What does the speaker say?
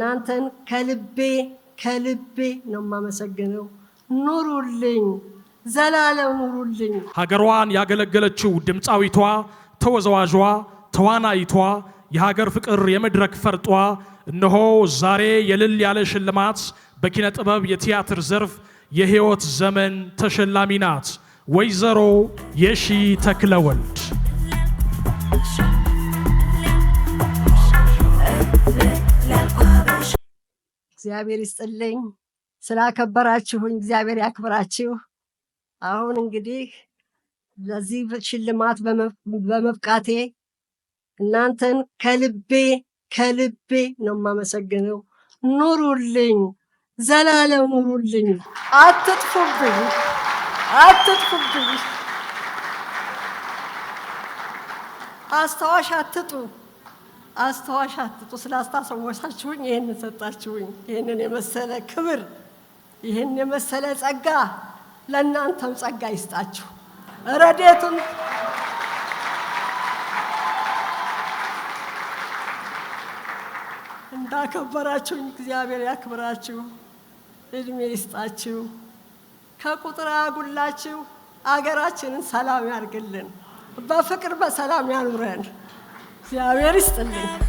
እናንተን ከልቤ ከልቤ ነው የማመሰግነው። ኑሩልኝ፣ ዘላለም ኑሩልኝ። ሀገሯን ያገለገለችው ድምፃዊቷ፣ ተወዛዋዧ፣ ተዋናይቷ፣ የሀገር ፍቅር የመድረክ ፈርጧ እነሆ ዛሬ የልል ያለ ሽልማት በኪነ ጥበብ የቲያትር ዘርፍ የሕይወት ዘመን ተሸላሚ ናት ወይዘሮ የሺ ተክለወልድ እግዚአብሔር ይስጥልኝ። ስላከበራችሁኝ እግዚአብሔር ያክብራችሁ። አሁን እንግዲህ ለዚህ ሽልማት በመብቃቴ እናንተን ከልቤ ከልቤ ነው የማመሰግነው። ኑሩልኝ፣ ዘላለም ኑሩልኝ፣ አትጥፉብኝ፣ አትጥፉብኝ። አስታዋሽ አትጡ። አስተዋሽ አትጡ ስላስታሰወሳችሁኝ ይህንን ሰጣችሁኝ። ይህንን የመሰለ ክብር፣ ይህን የመሰለ ጸጋ ለእናንተም ጸጋ ይስጣችሁ። ረዴቱን እንዳከበራችሁኝ እግዚአብሔር ያክብራችሁ፣ እድሜ ይስጣችሁ፣ ከቁጥር አያጉላችሁ፣ አገራችንን ሰላም ያርግልን፣ በፍቅር በሰላም ያኑረን። እግዚአብሔር ይስጥልኝ።